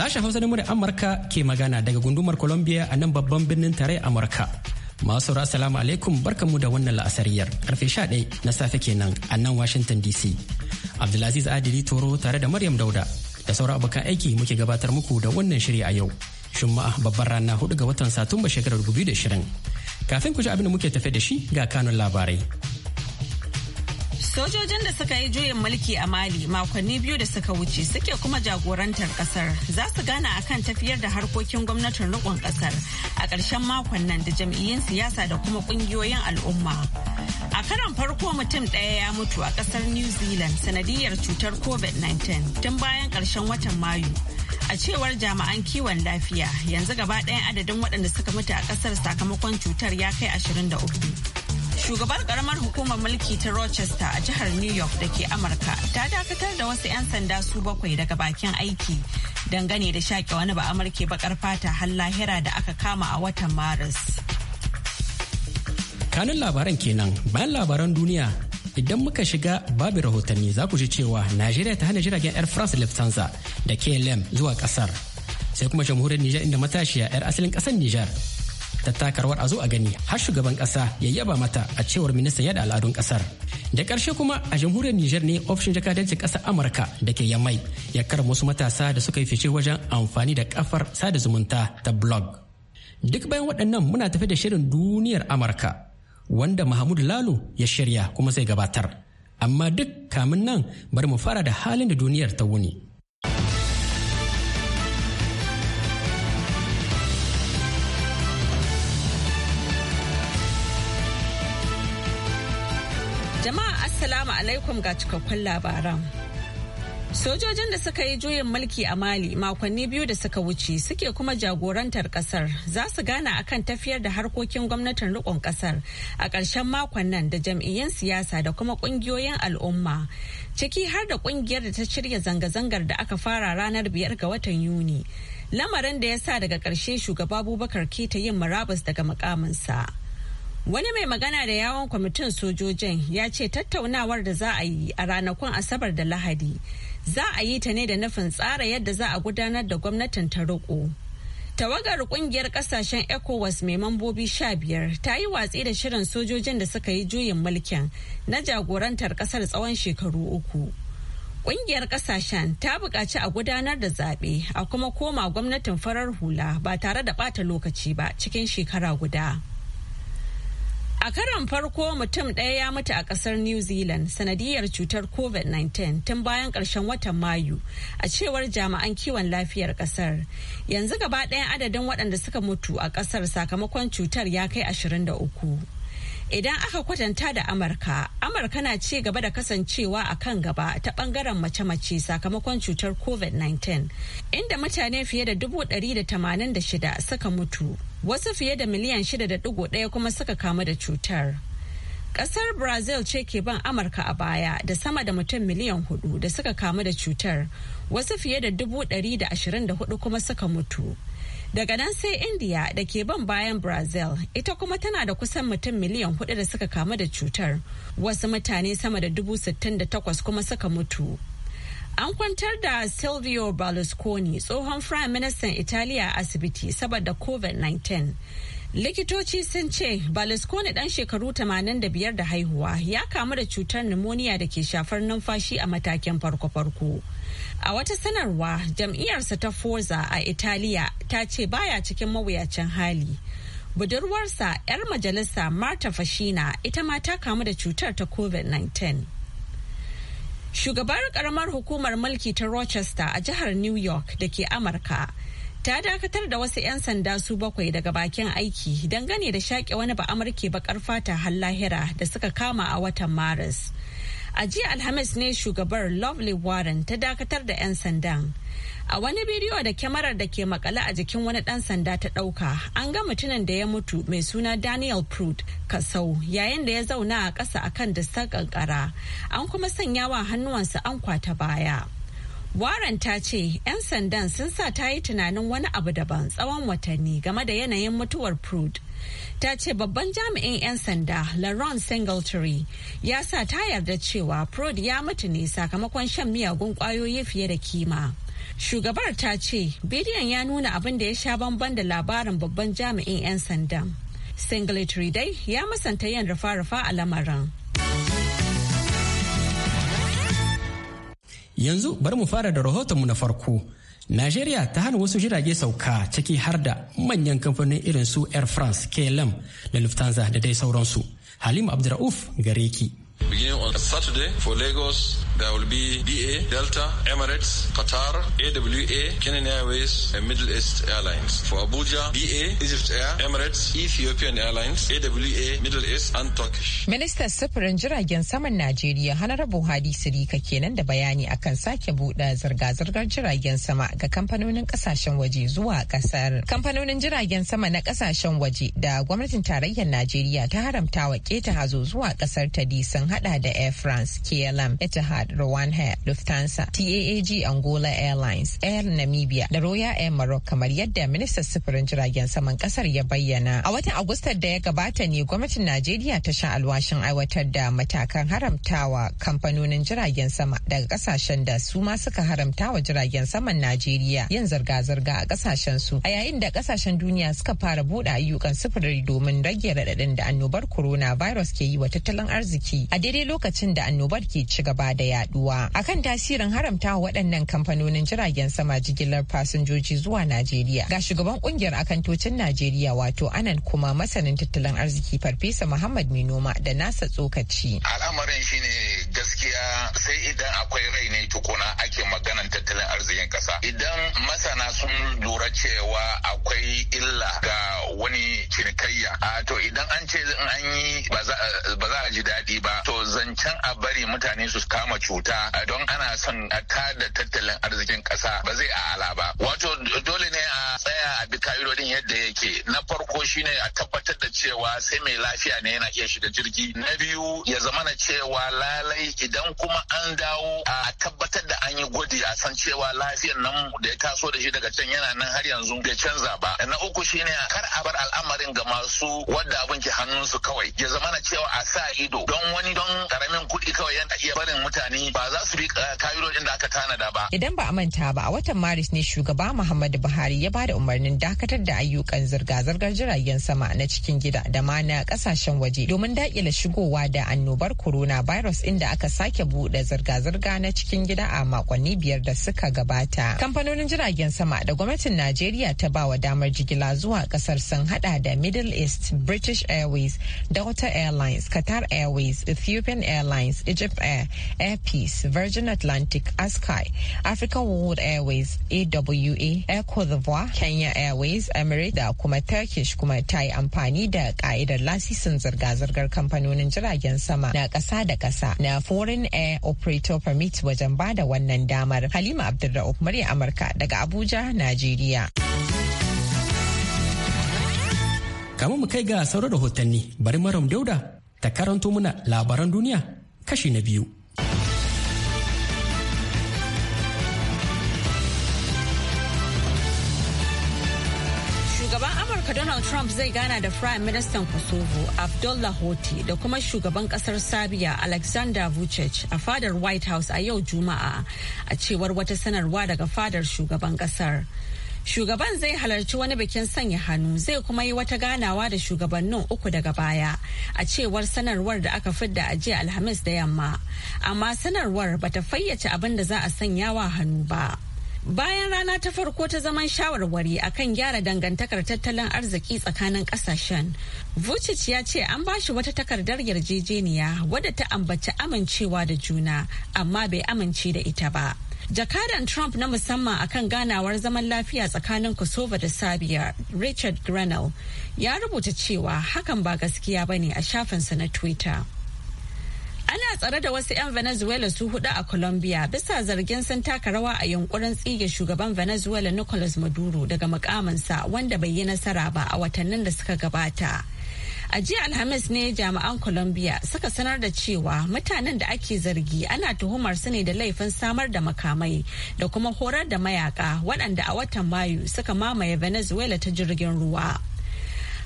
Sashen Hausa na muryar Amurka ke magana daga gundumar Colombia a nan babban birnin tare Amurka. Masu sauraro assalamu alaikum barkamu da wannan la'asariyar karfe sha 11 na safe kenan a nan Washington DC. Abdulaziz Adili Toro tare da Maryam Dauda da sauran abokan aiki muke gabatar muku da wannan shiri a yau. Shumma babban rana 4 ga watan Satumba shekarar 2020. Kafin ku ji abin da muke tafe da shi ga kanun labarai. Sojojin da suka yi juyin mulki a Mali makonni biyu da suka wuce suke kuma jagorantar kasar za su gana akan tafiyar da harkokin gwamnatin rikon kasar a ƙarshen makon nan da jam'iyyun siyasa da kuma ƙungiyoyin al'umma. A karan farko mutum ɗaya ya mutu a ƙasar New Zealand sanadiyar cutar COVID-19 tun bayan ƙarshen watan Mayu. A cewar jami'an kiwon lafiya yanzu gaba ɗayan adadin waɗanda suka mutu a ƙasar sakamakon cutar ya kai ashirin da uku. shugabar karamar hukumar mulki ta rochester a jihar new york da ke amurka ta dakatar da wasu 'yan sanda su bakwai daga bakin aiki dangane da shaƙe wani ba amurke bakar fata har lahira da aka kama a watan maris kanun labaran kenan bayan labaran duniya idan muka shiga babu rahotanni za ku ji cewa najeriya ta hana jiragen air france lufthansa da klm zuwa kasar sai kuma jamhuriyar nijar inda matashiya 'yar asalin kasar niger. ta taka rawar a zo a gani har shugaban kasa ya yaba mata a cewar minista yada al'adun kasar da karshe kuma a jamhuriyar niger ne ofishin jakadancin kasar amurka da ke yamai ya kar wasu matasa da suka yi fice wajen amfani da kafar sada zumunta ta blog duk bayan waɗannan muna tafi da shirin duniyar amurka wanda mahmud lalu ya shirya kuma sai gabatar amma duk kamin nan bari mu fara da halin da duniyar ta wuni Jama'a Assalamu alaikum ga cikakkun labaran. Sojojin da suka yi juyin mulki a Mali makonni biyu da suka wuce suke kuma jagorantar kasar za su gana akan tafiyar da harkokin gwamnatin rikon kasar a ƙarshen makon nan da jam'iyyun siyasa da kuma ƙungiyoyin al'umma ciki har da ƙungiyar da ta shirya zanga-zangar da aka fara ranar biyar ga watan Yuni. Lamarin da ya sa daga ƙarshe shugaba Abubakar ta yin murabus daga mukaminsa. Wani mai magana da yawon kwamitin sojojin ya ce tattaunawar da za a yi a ranakun Asabar da Lahadi za a yi ta ne da nufin tsara yadda za a gudanar da gwamnatin ta roƙo. Tawagar ƙungiyar ƙasashen ECOWAS mai mambobi sha biyar ta yi watsi da shirin sojojin da suka yi juyin mulkin na jagorantar ƙasar tsawon shekaru uku. Ƙungiyar ƙasashen ta buƙaci a gudanar da zaɓe a kuma koma gwamnatin farar hula ba tare da ɓata lokaci ba cikin shekara guda. A karon farko mutum ɗaya ya mutu a ƙasar New Zealand sanadiyar cutar COVID-19 tun bayan ƙarshen watan Mayu a cewar jami'an kiwon lafiyar ƙasar. Yanzu gaba ɗaya adadin waɗanda suka mutu a ƙasar sakamakon cutar ya kai 23. Idan aka kwatanta da Amurka, Amurka na ci gaba da kasancewa a kan gaba ta bangaren mace-mace sakamakon cutar COVID-19, inda mutane fiye da 186 suka mutu, wasu fiye da miliyan 6.1 kuma suka kamu da cutar. Kasar Brazil ce ke ban Amurka a baya da sama da mutum miliyan hudu da suka kamu da cutar, wasu fiye da 124 kuma suka mutu. daga nan sai india da ke ban bayan brazil ita kuma tana da kusan mutum miliyan hudu da suka kamu da cutar wasu mutane sama da dubu sittin da takwas kuma suka mutu an kwantar da silvio berlusconi tsohon prime minister italiya asibiti saboda covid-19 likitoci sun ce balaskoni dan shekaru 85 da haihuwa ya kamu da cutar pneumonia da ke shafar numfashi a matakin farko-farko a wata sanarwa jam'iyyarsa ta forza a italiya ta ce baya cikin mawuyacin hali budurwarsa 'yar majalisa marta fashina ita ma ta kamu da cutar ta covid-19 shugabar karamar hukumar mulki ta rochester a jihar new york da ke amurka ta dakatar da wasu 'yan sanda su bakwai daga bakin aiki gane da shaƙe wani ba amurke bakar fata har lahira da suka kama a watan maris a jiya alhamis ne shugabar lovely warren ta dakatar da 'yan sandan a wani bidiyo da kyamarar da ke makale a jikin wani dan sanda ta dauka an ga mutumin da ya mutu mai suna daniel prud kasau yayin da ya zauna a ƙasa akan dastar kankara an kuma sanya sanyawa hannuwansa an kwata baya Warren ta ce 'yan sandan sun sa ta yi tunanin wani abu daban tsawon watanni game da yanayin mutuwar Prude. Ta ce babban jami'in 'yan sanda Laron Singletary ya sa ta yarda cewa Prude ya mutu ne sakamakon shan miyagun kwayoyi fiye da kima. Shugabar ta ce bidiyon ya nuna abin da ya sha bamban da labarin babban jami'in 'yan sandan. Singletary dai ya musanta yin rufa-rufa a lamarin. Yanzu bari mu fara da rahotonmu na farko. Najeriya ta hana wasu jirage sauka ciki har da manyan kamfanin irin su Air France, KLM da Lufthansa da dai sauransu. Halim Abdurrauf gare ki. Beginning on Saturday for Lagos, there will be BA, Delta, Emirates, Qatar, AWA, Kenyan Airways, and Middle East Airlines. For Abuja, BA, Egypt Air, Emirates, Ethiopian Airlines, AWA, Middle East, and Turkish. Ministan Sufurin Jiragen Saman Najeriya, Hanara Buhari Sirika kenan da bayani akan sake buɗe zirga-zirgar jiragen sama ga kamfanonin ƙasashen waje zuwa ƙasar. Kamfanonin jiragen sama na ƙasashen waje da gwamnatin tarayyar Najeriya ta haramta wa keta hazo zuwa ƙasar ta disan hada da Air France, KLM, Etihad, Rwanda, Lufthansa, TAAG Angola Airlines, Air Namibia da Royal Air Maroc kamar yadda ministan sufurin jiragen saman kasar ya bayyana. A watan Agustar da ya gabata ne gwamnatin Najeriya ta sha alwashin aiwatar da matakan haramtawa kamfanonin jiragen sama daga kasashen da su ma suka haramtawa jiragen saman Najeriya yin zirga-zirga a kasashen su. A yayin da kasashen duniya suka fara buɗe ayyukan sufuri domin rage raɗaɗin da annobar coronavirus ke yi wa tattalin arziki. A daidai lokacin da annobar ke ci gaba da yaduwa akan tasirin haramta waɗannan kamfanonin jiragen sama jigilar fasinjoji zuwa Najeriya ga shugaban kungiyar akantocin Najeriya wato anan kuma masanin tattalin arziki farfesa Muhammad Minoma da nasa tsokaci al'amarin shine gaskiya sai idan akwai rai ne tukuna ake maganan tattalin arzikin kasa idan masana sun lura cewa akwai illa ga wani cinikayya a to idan an ce an yi ba za a ji daɗi ba to zancen a bari mutane su kama cuta don ana son a tada tattalin arzikin kasa ba zai a ala ba wato dole ne a tsaya a bi ka'idodin yadda yake na farko shine a tabbatar da cewa sai mai lafiya ne yana iya shiga jirgi na biyu ya zama na cewa lalai idan kuma an dawo a tabbatar da an yi gwaji a san cewa lafiyan nan da ya taso da shi daga can yana nan har yanzu bai canza ba na uku shine kar a bar al'amarin ga masu wadda abin ke su kawai ya zama na cewa a sa ido don wani in don karamin kuɗi kawai yana iya barin mutane ba za su bi eh, ka'idodin da aka da ba. Idan ba a manta ba a watan Maris ne shugaba Muhammadu Buhari ya ba da umarnin dakatar da ayyukan zirga-zirgar jiragen sama na cikin gida da ma na kasashen waje domin daƙile shigowa da annobar corona coronavirus inda aka sake buɗe zirga-zirga na cikin gida a makonni biyar da suka gabata. Kamfanonin jiragen sama da gwamnatin Najeriya ta ba wa damar jigila zuwa kasar sun hada da Middle East, British Airways, Delta Airlines, Qatar Airways, Ethiopian Airlines, Egypt Air, Air Peace, Virgin Atlantic, Askai, African World Airways, AWA, Air Cote d'Ivoire, Kenya Airways, Emirates da kuma Turkish kuma ta yi amfani da ka'idar lasisin zirga-zirgar kamfanonin jiragen sama na ƙasa da ƙasa na Foreign Air Operator Permit wajen ba da wannan damar. Halima Abdulra'uf murya Amurka daga Abuja, Najeriya. Kamar mu kai ga sauran rahotanni, bari Maram Dauda ta karanto muna labaran duniya kashi na biyu. Shugaban Amurka Donald Trump zai gana da Prime Minister Kosovo Abdullah Hoti da kuma shugaban kasar Serbia Alexander Vucic a fadar White House a yau Juma'a a cewar wata sanarwa daga fadar shugaban kasar. Shugaban zai halarci wani bikin sanya hannu zai kuma yi wata ganawa da shugabannin uku daga baya a cewar sanarwar da aka fidda a jiya Alhamis da yamma. Amma sanarwar bata fayyace abin da za a sanya wa hannu ba. Bayan rana ta farko ta zaman shawarwari akan gyara dangantakar tattalin arziki tsakanin kasashen, Vucic ya ce an ba shi wata takardar yarjejeniya wadda ta ambaci amincewa da juna amma bai amince da ita ba. Jakadan Trump na musamman akan ganawar zaman lafiya tsakanin Kosovo da Serbia, Richard Grenell, ya rubuta cewa hakan ba gaskiya bane a shafinsa na Twitter. Ana tsare da wasu 'yan Venezuela su hudu a Colombia bisa zargin sun taka rawa a yunkurin tsige shugaban Venezuela Nicolas Maduro daga mukaminsa wanda bai yi nasara ba a watannin da suka gabata. A jiya Alhamis ne jami'an Colombia suka sanar da cewa mutanen da ake zargi ana tuhumar su ne da laifin samar da makamai da kuma horar da mayaka waɗanda a watan Mayu suka mamaye Venezuela ta jirgin ruwa.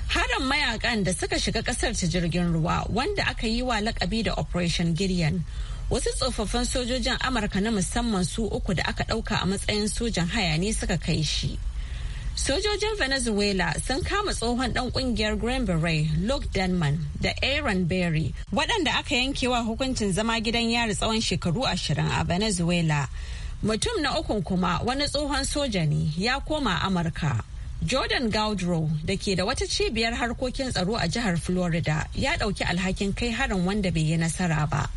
Harin mayakan da suka shiga ƙasar ta jirgin ruwa wanda aka yi wa lakabi da Operation Gideon. wasu tsofaffin sojojin amurka na musamman su uku da aka ɗauka a matsayin sojan haya ne suka kai shi Sojojin Venezuela sun kama tsohon ɗan ƙungiyar Green Beret, Luke Denman da Aaron Berry, waɗanda aka yankewa hukuncin zama gidan yari tsawon shekaru ashirin a Venezuela. Mutum na ukun kuma wani tsohon soja ne ya koma Amurka. Jordan Gaudreau da ke da wata cibiyar harkokin tsaro a jihar Florida ya ɗauki alhakin kai harin wanda bai yi nasara ba.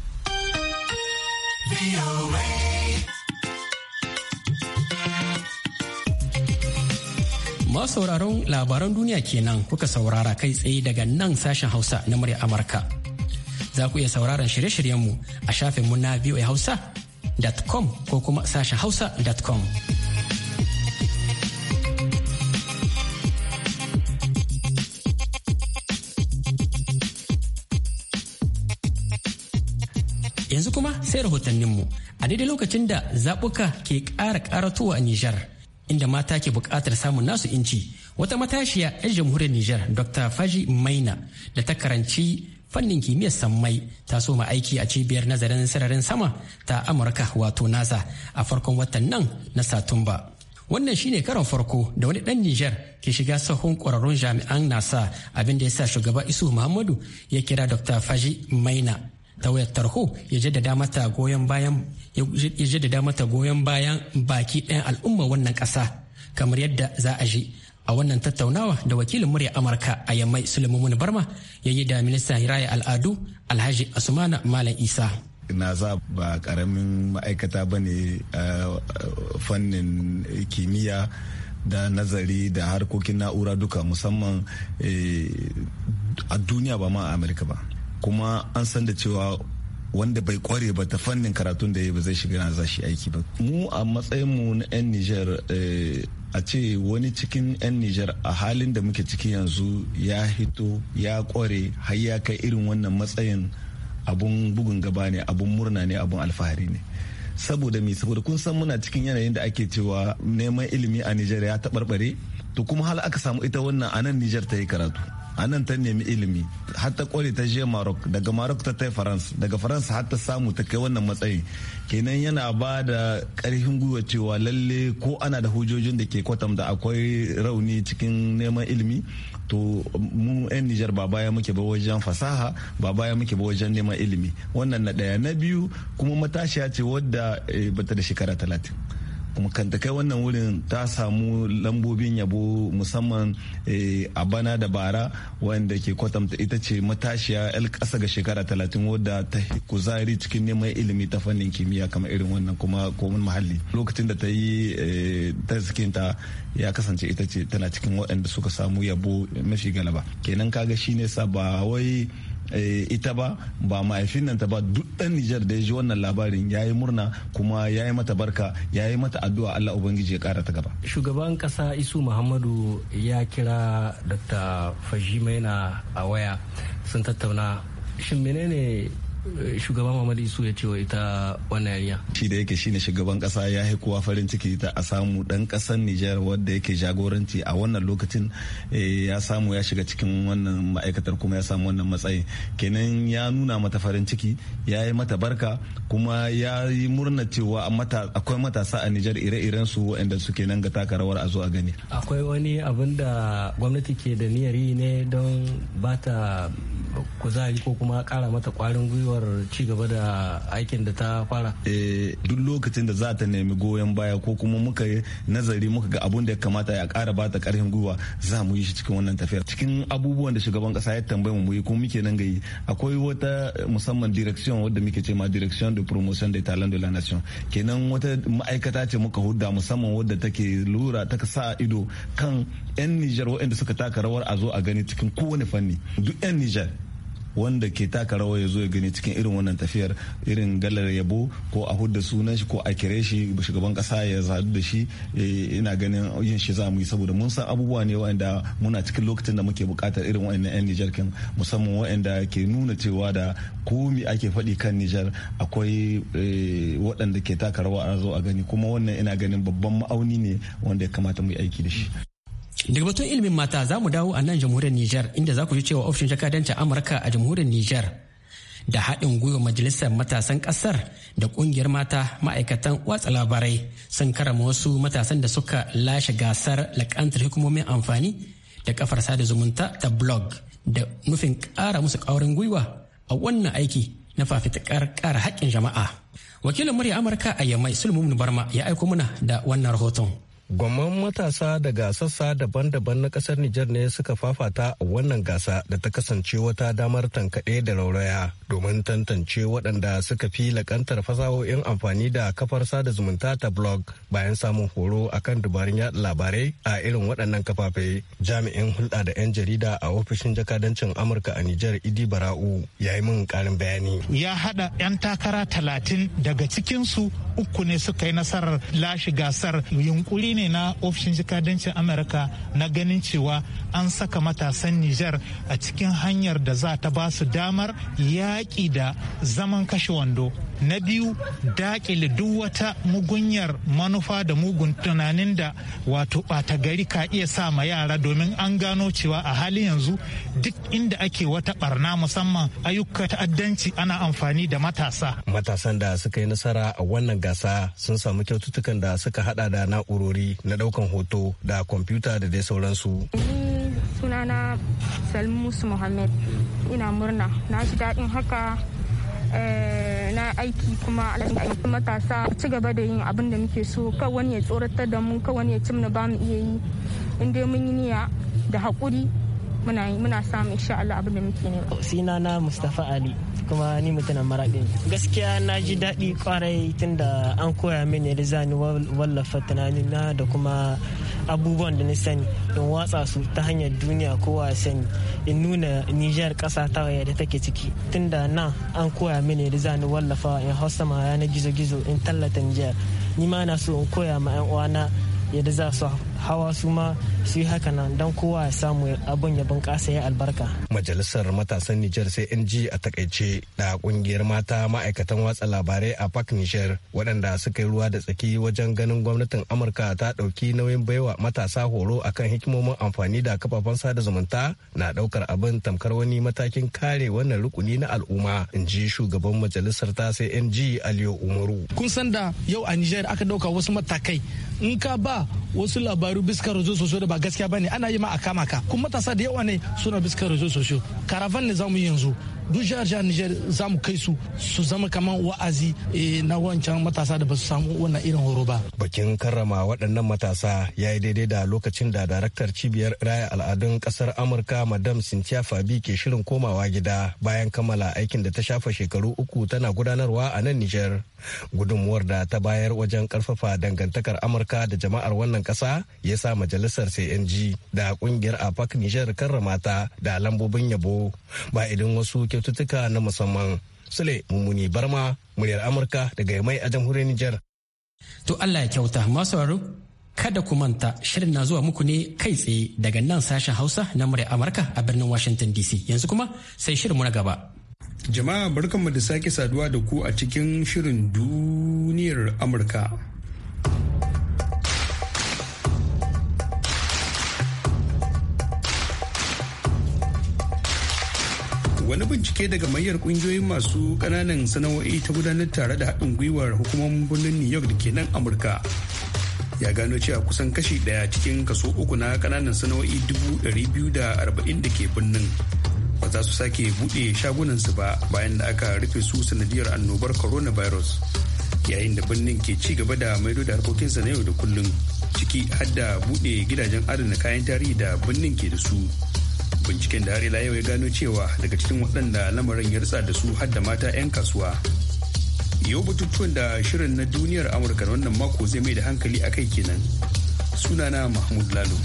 Masu sauraron labaran duniya kenan kuka saurara kai tsaye daga nan sashen Hausa na murya Amurka. Za ku iya sauraron shirye-shiryenmu a shafinmu na voahausa.com ko kuma sashen hausa.com. Yanzu kuma sai rahotanninmu a daidai lokacin da zaɓuka ke ƙara ƙaratowa a Nijar. inda mata ke bukatar samun nasu inci wata matashiya 'yan jamhuriyar Niger Dr. Faji Maina da ta karanci fannin kimiyyar sammai ta soma aiki a cibiyar nazarin sararin sama ta Amurka wato NASA a farkon watan nan na Satumba. Wannan shine karon farko da wani dan Niger ke shiga sahun kwararrun jami'an NASA abinda ya sa shugaba Isu Muhammadu ya kira Dr. Faji Maina ta wayar tarho ya jaddada mata goyon bayan ya jaddada mata goyon bayan baki ɗayan al'umma wannan ƙasa kamar yadda za a je a wannan tattaunawa da wakilin murya amurka a yammai sulaiman barma ya yi da minista hiraya al'adu alhaji asumana malam isa za ba karamin ma'aikata ba ne fannin kimiyya da nazari da harkokin na'ura duka musamman eh, a duniya ba ma a amurka ba kuma an san da cewa wanda bai kware ba ta fannin karatun da ya ba zai shiga na zashi aiki ba mu a matsayin mu na 'yan nijar eh, a ce wani cikin 'yan nijar a halin da muke ciki yanzu ya hito ya kware har ya kai irin wannan matsayin abun bugun gaba ne abun murna ne abun alfahari ne saboda me saboda kun san muna cikin yanayin da ake cewa neman ilimi a nijar ya taɓarɓare to kuma hal aka samu ita wannan a nan nijar ta yi karatu a nan ta nemi ilimi har ta kware ta je marok daga marok ta tai faransa daga faransa har ta samu ta kai wannan matsayi kenan yana ba da karfin gwiwa cewa lalle ko ana da hujojin da ke kwatam da akwai rauni cikin neman ilimi to mu 'yan Nijar ba baya muke ba wajen fasaha ba baya muke ba wajen neman ilimi wannan na ɗaya na biyu kuma matashiya ce wadda eh, bata da shekara talatin kanta kai wannan wurin ta samu lambobin yabo musamman eh, a bana da bara wanda ke kwatanta ita ce matashiya 'yan ƙasa ga shekara talatin wadda ta kuzari cikin neman ilimi ta fannin kimiyya kamar irin wannan kuma komin muhalli lokacin da ta yi eh, ta ya kasance ita ce tana cikin waɗanda suka samu yabo mafi galaba kenan kaga shine sa ba wai Eh, ita ba ba mahaifin nan ta ba duk dan Nijar da ya ji wannan labarin ya yi murna kuma ya yi mata barka ya yi mata addu'a Allah Ubangiji ya kara ta gaba. Shugaban kasa Isu Muhammadu ya kira Dr. Fajimaina a waya sun tattauna shin menene shugaban mamadi su ya cewa ita wannan yariya. Shi da yake shine shugaban kasa ya yi kowa farin ciki ta a samu dan kasar Nijar wadda yake jagoranci a wannan lokacin eh, ya samu ya shiga cikin wannan ma'aikatar kuma ya samu wannan matsayin. Kenan ya nuna mata farin ciki ya yi mata barka kuma ya yi murna cewa akwai matasa a Nijar ire-iren su su suke nan ga taka rawar a zo a gani. Akwai wani abin da gwamnati ke da niyyar yi ne don ba ta kuzari ko kuma kara mata kwarin gwiwa gwiwar ci gaba da aikin da ta fara eh, duk lokacin da za ta nemi goyon baya ko kuma muka yi nazari muka ga abun da ya kamata ya kara ba ta karfin gwiwa za mu yi shi cikin wannan tafiyar cikin abubuwan da shugaban kasa ya tambaye mu yi kuma muke nan gayi akwai wata musamman direction wadda muke ce ma direction de promotion de talent de la nation kenan wata ma'aikata ce muka hudda musamman wadda take lura ta sa ido kan 'yan Nijar waɗanda suka taka rawar a zo a gani cikin kowane fanni duk 'yan Nijar wanda ke taka rawa ya zo ya gani cikin irin wannan tafiyar irin galar yabo ko a hudda sunan shi ko a kire shi shugaban kasa ya sadu da shi eh, ina ganin yin shi za mu yi saboda mun san abubuwa ne wa'anda muna cikin lokacin da muke bukatar irin wa'annan 'yan Nijar kin musamman wa'anda ke nuna cewa da komi ake faɗi kan Nijar akwai eh, waɗanda ke taka rawa a zo a gani kuma wannan ina ganin babban ma'auni ne wanda ya kamata mu yi aiki da shi. daga batun ilimin mata za mu dawo a nan jamhuriyar Nijar inda za ku ji cewa ofishin jakadancin Amurka a jamhuriyar Nijar da haɗin gwiwa majalisar matasan ƙasar da ƙungiyar mata ma'aikatan watsa labarai sun karama wasu matasan da suka lashe gasar laƙantar hukumomin amfani da kafar sada zumunta ta blog da nufin ƙara musu ƙaurin gwiwa a wannan aiki na fafitakar ƙara haƙƙin jama'a wakilin murya amurka a yamai sulmumin barma ya aiko mana da wannan rahoton Gwamman matasa daga sassa daban-daban na ƙasar Nijar ne suka fafata a wannan gasa da ta kasance wata damar tankaɗe da rauraya domin tantance waɗanda suka fi lakantar fasahohin amfani da kafar sada zumunta ta blog bayan samun horo akan dubarun yada labarai a irin waɗannan kafafe jami'in hulɗa da 'yan jarida a ofishin jakadancin amurka a nijar idi bara'u ya yi min ƙarin bayani ya haɗa 'yan takara talatin daga cikinsu uku ne suka yi nasarar lashe gasar yunkuri ne na ofishin jakadancin amurka na ganin cewa an saka matasan nijar a cikin hanyar da za ta ba su damar ya yaƙi da zaman kashe wando na biyu daƙile duk wata mugunyar manufa da mugun tunanin da wato ɓata gari ka iya sa ma yara domin an gano cewa a halin yanzu duk inda ake wata ɓarna musamman ayyukan ta'addanci ana amfani da matasa matasan da suka yi nasara a wannan gasa sun samu kyaututtukan da suka hada da na'urori na ɗaukan hoto da kwamfuta da dai sauransu. sunana salmusu muhammad ina murna na ji daɗin haka eh, na aiki kuma matasa ci gaba da yin abin da muke so kawai ya tsoratar da mu kawai wani ya cimna ba mu iya yi in mun yi niyya da haƙuri muna muna samun insha abin da muke ne. Sina na Mustafa Ali kuma ni mutanen maraɗin gaskiya na ji daɗi kwarai tunda an koya yadda za zani wallafa tunanina da kuma abubuwan da na sani in watsa su ta hanyar duniya ko sani in nuna nijar ƙasa ta waya da take ciki tunda na an koya yadda za zani wallafa in hausa ma yanar gizo-gizo in tallata nijar ni ma na so in koya ma 'yan uwana yadda za su hawa su ma su yi haka nan don kowa ya samu abin ya bunƙasa ya albarka. Majalisar matasan Nijar sai NG a takaice da ƙungiyar mata ma'aikatan watsa labarai a Park Nijar waɗanda suka yi ruwa da tsaki wajen ganin gwamnatin Amurka ta ɗauki nauyin baiwa matasa horo akan hikimomin amfani da kafafen sada zumunta na ɗaukar abin tamkar wani matakin kare wannan rukuni na al'umma in ji shugaban majalisar ta sai NG Aliyu Umaru. Kun san da yau a Nijar aka ɗauka wasu matakai in ka ba wasu labarai labaru biskar rezo sosio da ba gaskiya bane ana yi ma a kama ka kuma matasa da yawa ne suna biskar rezo sosio karavan ne zamu yi yanzu duk jihar jihar Nijar za mu kai su su zama kamar wa'azi eh, na wancan matasa da ba su samu wannan irin horo ba. Bakin karrama waɗannan matasa ya yi daidai da lokacin da daraktar cibiyar raya al'adun ƙasar Amurka Madam Cynthia Fabi ke shirin komawa gida bayan kammala aikin da ta shafa shekaru uku tana gudanarwa a nan Nijar. Gudunmuwar da ta bayar wajen karfafa dangantakar Amurka da jama'ar wannan ƙasa ya sa majalisar CNG da ƙungiyar APAC Nijar karrama ta da lambobin yabo ba idan wasu kyaututtuka na musamman. Sule Mummuni Barma, muryar Amurka daga Yamai a jamhuriyar Nijar. To Allah ya kyauta masu kada ku manta shirin na zuwa muku ne kai tsaye daga nan sashen Hausa na muryar Amurka a birnin Washington DC. Yanzu kuma sai shirinmu na gaba. Jama'a barkanmu da sake saduwa da ku a cikin shirin duniyar Amurka. wani bincike daga mayar kungiyoyin masu kananan sana'o'i ta gudanar tare da haɗin gwiwar hukumomin birnin new york da ke nan amurka ya gano cewa kusan kashi ɗaya cikin kaso uku na kananan sana'o'i dubu ɗari biyu da arba'in da ke birnin ba za su sake buɗe shagunansu ba bayan da aka rufe su sanadiyar annobar coronavirus yayin da birnin ke ci gaba da maido da harkokinsa na yau da kullum ciki har da buɗe gidajen adana kayan tarihi da birnin ke da su. binciken da harila yau ya gano cewa daga cikin waɗanda lamarin ya ritsa da su har da mata 'yan kasuwa yau batutuwan da shirin na duniyar amurka wannan mako zai mai da hankali a kai kenan sunana mahmud lalo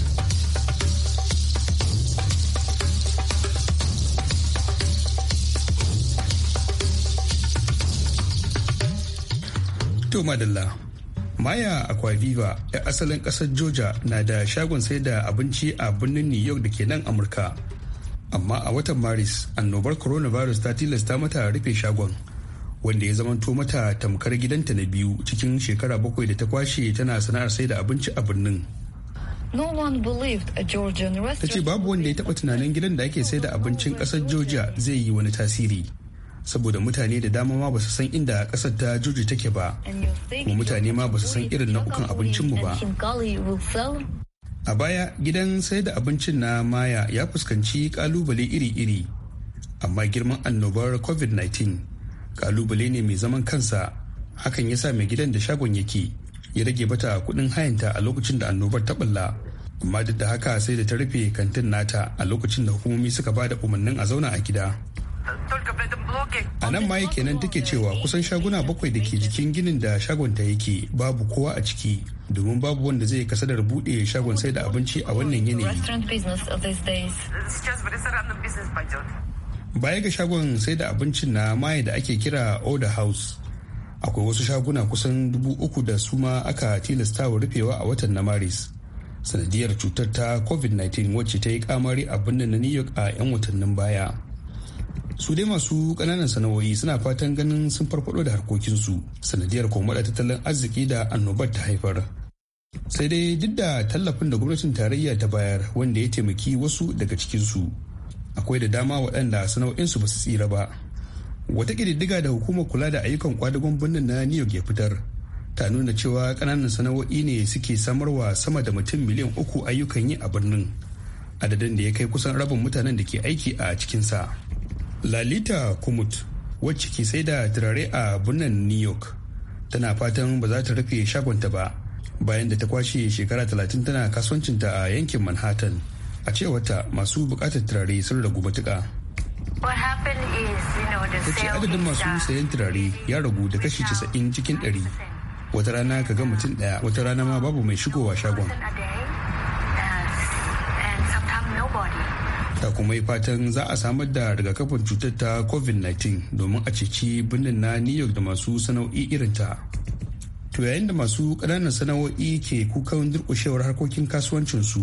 to madalla maya akwaviva ya asalin kasar georgia na da shagon sai da abinci a birnin new york da ke nan amurka amma a watan maris annobar coronavirus ta tilasta mata rufe shagon wanda ya zamanto mata tamkar gidanta na biyu cikin shekara bakwai da ta kwashe tana sana'ar sai da abinci a birnin ta ce babu wanda ya taba tunanin gidan da ake sai da abincin kasar georgia zai yi wani tasiri saboda mutane da dama ma basu san inda kasar ta georgia take ba kuma mutane ma basu san irin nau'ukan abincinmu ba a baya gidan sai da abincin na maya ya fuskanci kalubale iri-iri amma girman annobar covid-19 kalubale ne mai zaman kansa hakan ya sa mai gidan da shagon yake ya rage bata kudin hayanta a lokacin da annobar ta balla amma duk da haka sai da ta rufe kantin nata a lokacin da hukumomi suka ba da umarnin a zauna a gida A nan ma kenan take cewa kusan shaguna bakwai da ke jikin ginin da shagon ta yake babu kowa a ciki domin babu wanda zai kasadar buɗe shagon sai da abinci a wannan yanayi. Baya ga shagon sai da abincin na maye da ake kira Order House. Akwai wasu shaguna kusan dubu uku da suma aka tilasta tilastawa rufewa a watan na Maris. sanadiyar cutar ta covid-19 wacce ta yi kamari a birnin na new york a 'yan watannin baya su dai masu kananan sana'o'i suna fatan ganin sun farfado da harkokinsu sanadiyar da tattalin arziki da annobar ta haifar sai dai duk da tallafin da gwamnatin tarayya ta bayar wanda ya taimaki wasu daga cikinsu akwai da dama waɗanda sana'o'insu ba su tsira ba wata ƙididdiga da hukumar kula da ayyukan kwadagon birnin na new york ya fitar ta nuna cewa kananan sana'o'i ne suke samarwa sama da mutum miliyan uku ayyukan yi a birnin adadin da ya kai kusan rabin mutanen da ke aiki a cikinsa lalita kumut wacce ke sai da turare a birnin new york tana fatan ba za ta rufe shagonta ba bayan da ta kwashe shekara talatin tana kasuwancinta a yankin manhattan a cewarta masu bukatar turare sun ragu matuka ta ce adadin masu uh, sayan turare ya ragu da kashi 90 cikin 100 wata rana ka ga mutum ɗaya. wata rana ma babu mai shigowa shagon ta kuma yi fatan za a samar da rigakafin cutar ta covid-19 domin a ceci birnin na new york da masu sana'o'i irinta to yayin da masu ƙananan sana'o'i ke kukan durƙushewar harkokin kasuwancinsu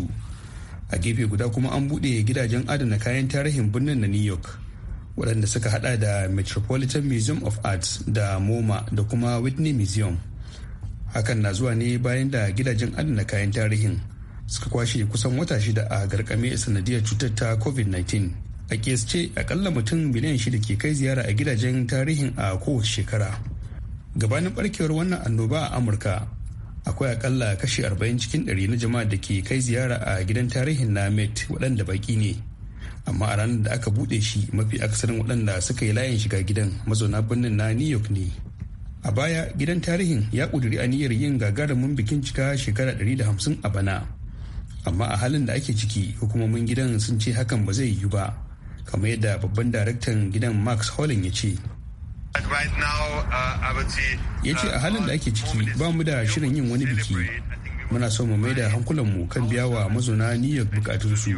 a gefe guda kuma an buɗe gidajen adana kayan tarihin birnin na new york waɗanda suka hada da metropolitan museum of arts da moma da kuma whitney museum hakan na zuwa ne bayan da gidajen adana kayan tarihin suka kwashe kusan wata shida a garkame sanadiyar cutar ta covid-19 a kesce akalla mutum miliyan shida ke kai ziyara a gidajen tarihin a kowace shekara gabanin barkewar wannan annoba a amurka akwai akalla kashi 40 cikin 100 na jama'a da ke kai ziyara a gidan tarihin na met waɗanda baki ne amma a ranar da aka buɗe shi mafi akasarin waɗanda suka yi layin shiga gidan mazauna birnin na new york ne a baya gidan tarihin ya ƙudiri aniyar yin gagarumin bikin cika shekara 150 a bana amma a halin da ake ciki hukumomin gidan sun ce hakan ba zai yiwu ba kamar yadda babban daraktan gidan max holland ya ce uh, ya ce a uh, halin da ake ciki ba mu da shirin yin wani biki muna so mu mai da hankulanmu kan biya wa mazauna new york bukatunsu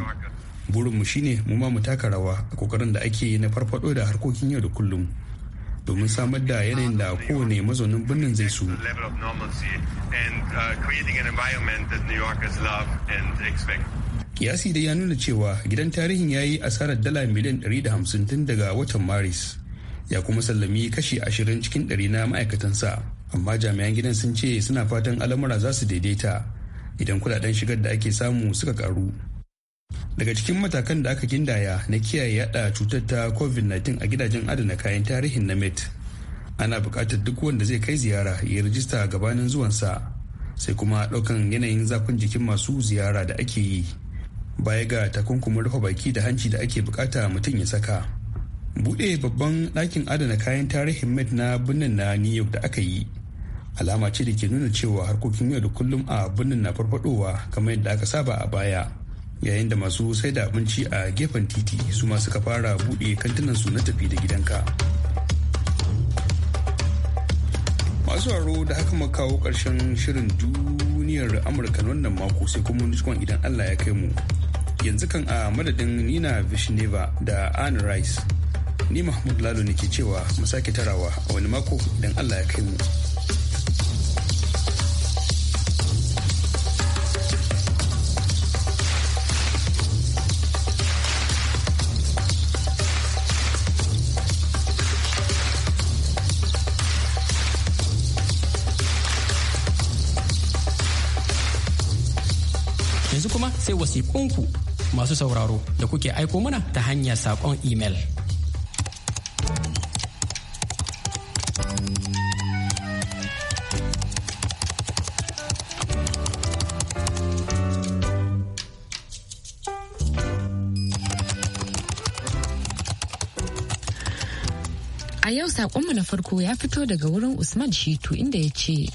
burinmu shine mu ma mu taka rawa a kokarin da ake na farfado da harkokin yau da kullum domin samar da yanayin da kowane mazaunin birnin zai su. Uh, Kiyasi dai ya nuna cewa gidan tarihin ya yi asarar dala miliyan 150 tun daga watan Maris. Ya kuma sallami kashi 20 cikin 100 na ma'aikatansa. Amma jami'an gidan sun ce suna fatan al'amura za su daidaita idan kudaden shigar da ake samu suka karu. daga cikin matakan da aka gindaya na kiyaye yada cutar ta covid-19 a gidajen adana kayan tarihin na met ana buƙatar duk wanda zai kai ziyara ya rijista gabanin zuwansa sai kuma ɗaukan yanayin zafin jikin masu ziyara da ake yi baya ga takunkumin rufe baki da hanci da ake bukata mutum ya saka buɗe babban ɗakin adana kayan tarihin met na birnin na new york da aka yi alama ce da ke nuna cewa harkokin yau da kullum a birnin na farfadowa kamar yadda aka saba a baya yayin da masu sai da abinci a gefen titi su ma suka fara buɗe su na tafi da gidanka masu haro da haka makawo ƙarshen shirin duniyar amurka wannan mako sai kuma wani idan allah ya kai mu yanzu kan a madadin nina vishneva da anne rice ni mahmud lalo ne ke cewa mu sake tarawa a wani mako idan allah ya kai mu. sai wasiƙunku masu sauraro da kuke aiko mana ta hanyar saƙon imel. A yau saƙonmu na farko ya fito daga wurin Usman Shitu inda ya ce,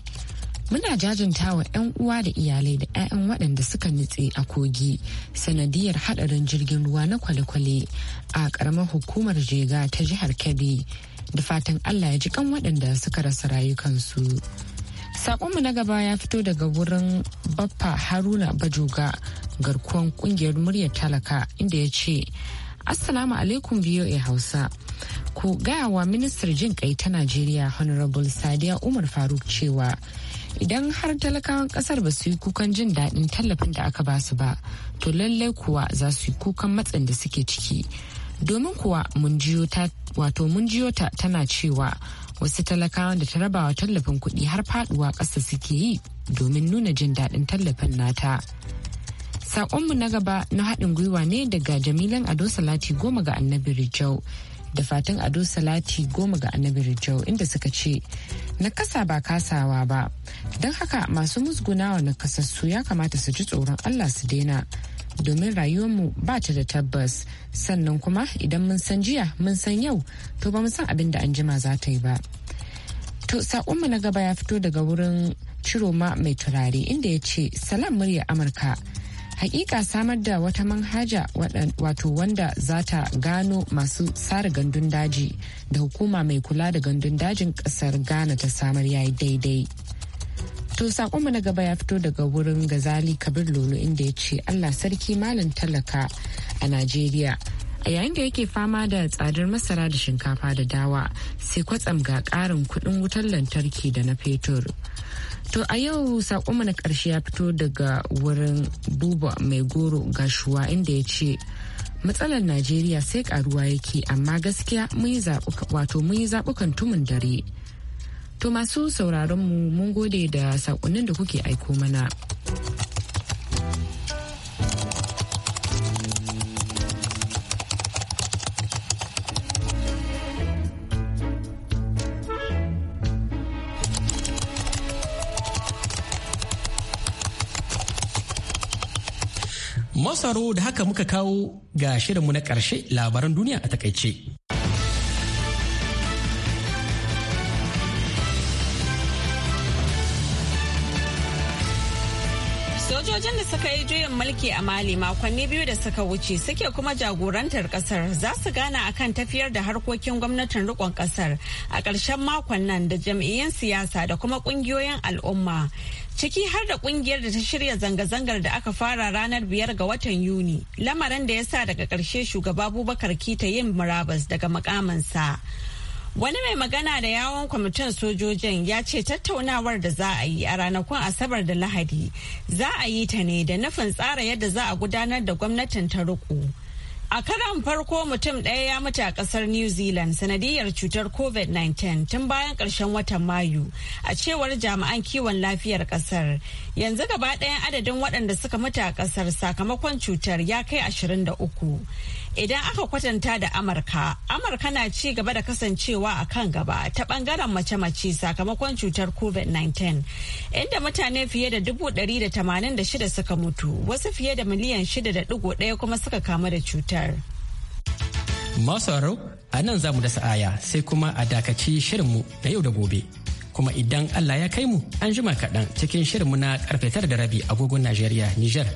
Muna jajintawa 'yan uwa da iyalai da 'ya'yan waɗanda suka nutse a kogi sanadiyar haɗarin jirgin ruwa na kwale-kwale a ƙaramar hukumar jega ta jihar Kebbi da fatan Allah ya ji kan waɗanda suka rasa rayukansu. Saƙonmu na gaba ya fito daga wurin Baffa Haruna Bajoga garkuwan ƙungiyar muryar talaka inda ya ce, Assalamu alaikum e Hausa. Ku gaya wa ministar jin kai ta Najeriya Honorable Sadiya Umar Faruk cewa idan har talakawan kasar ba su yi kukan jin daɗin tallafin da aka ba su ba to lallai kuwa za su yi kukan matsin da suke ciki domin kuwa mun jiyo ta tana cewa wasu talakawan da ta rabawa tallafin kuɗi har faɗuwa ƙasa suke yi domin nuna jin daɗin tallafin nata saƙonmu na gaba na haɗin gwiwa ne daga jamilan ado salati goma ga annabi rijau da fatan ado salati goma ga annabi rijau inda suka ce nakasa ba kasawa ba don haka masu musgunawa na kasassu ya kamata su ji tsoron allah su daina domin rayuwarmu ba ta da tabbas sannan kuma idan mun san jiya mun san yau to ba mu san abin da an jima za ta yi ba to saƙonmu na gaba ya fito daga wurin ciroma mai turare inda ya ce salam murya amurka hakika samar da wata manhaja wato wanda za ta gano masu sare gandun daji da hukuma mai kula da gandun dajin kasar ghana ta samar yayi daidai to sakonmu na gaba ya fito daga wurin gazali kabir lolo inda ya ce allah sarki malam talaka a najeriya a yayin da yake fama da tsadar masara da shinkafa da dawa sai kwatsam ga karin kudin wutar lantarki da na fetur To a yau sakonmu na ƙarshe ya fito daga wurin buba mai goro gashuwa inda ya ce matsalar Najeriya sai karuwa yake amma gaskiya mun yi wato mun yi zaɓukan tumun dare. To masu sauraron mu mun gode da saƙonnin da kuke aiko mana. sauraro da haka muka kawo ga shirinmu na ƙarshe labaran duniya a takaice. Sojojin da suka yi juyin mulki a Mali makonni biyu da suka wuce suke kuma jagorantar kasar za su gana akan tafiyar da harkokin gwamnatin rikon kasar a ƙarshen makon nan da jam'iyyun siyasa da kuma ƙungiyoyin al'umma. Ciki har da ƙungiyar da ta shirya zanga-zangar da aka fara ranar biyar ga watan Yuni, lamarin da ya sa daga ƙarshe shugaba Abubakar Kita yin murabas daga makamansa. Wani mai magana da yawon kwamitin sojojin ya ce tattaunawar da za a yi a ranakun Asabar da Lahadi za a yi ta ne da nufin tsara yadda za a gudanar da gwamnatin ta riko. A karan farko mutum ɗaya ya mutu a ƙasar New Zealand sanadiyar cutar COVID-19 tun bayan ƙarshen watan Mayu a cewar jami'an kiwon lafiyar ƙasar. Yanzu gaba ɗayan adadin waɗanda suka mutu a ƙasar sakamakon cutar ya kai 23. Idan aka kwatanta da Amurka, Amurka na ci gaba da kasancewa a kan gaba ta bangaren mace-mace sakamakon cutar COVID-19, inda mutane fiye da 186 suka mutu, wasu fiye da miliyan 6.1 kuma suka kamu da cutar. Masu a nan za mu dasa aya sai kuma a dakaci shirinmu na yau da gobe. kuma idan Allah ya kai mu an jima kaɗan cikin shirinmu na karfe tara da rabi agogon Najeriya, Niger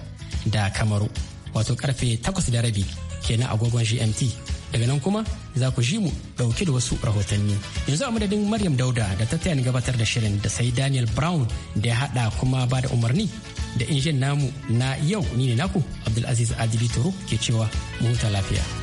da Kamaru wato karfe takwas da rabi kenan agogon GMT. Daga nan kuma za ku ji mu dauke da wasu rahotanni. Yanzu a madadin Maryam Dauda da ta ni gabatar da shirin da sai Daniel Brown da ya haɗa kuma ba da umarni da injin namu na yau ni ne naku Abdulaziz Adili Toro ke cewa mu huta lafiya.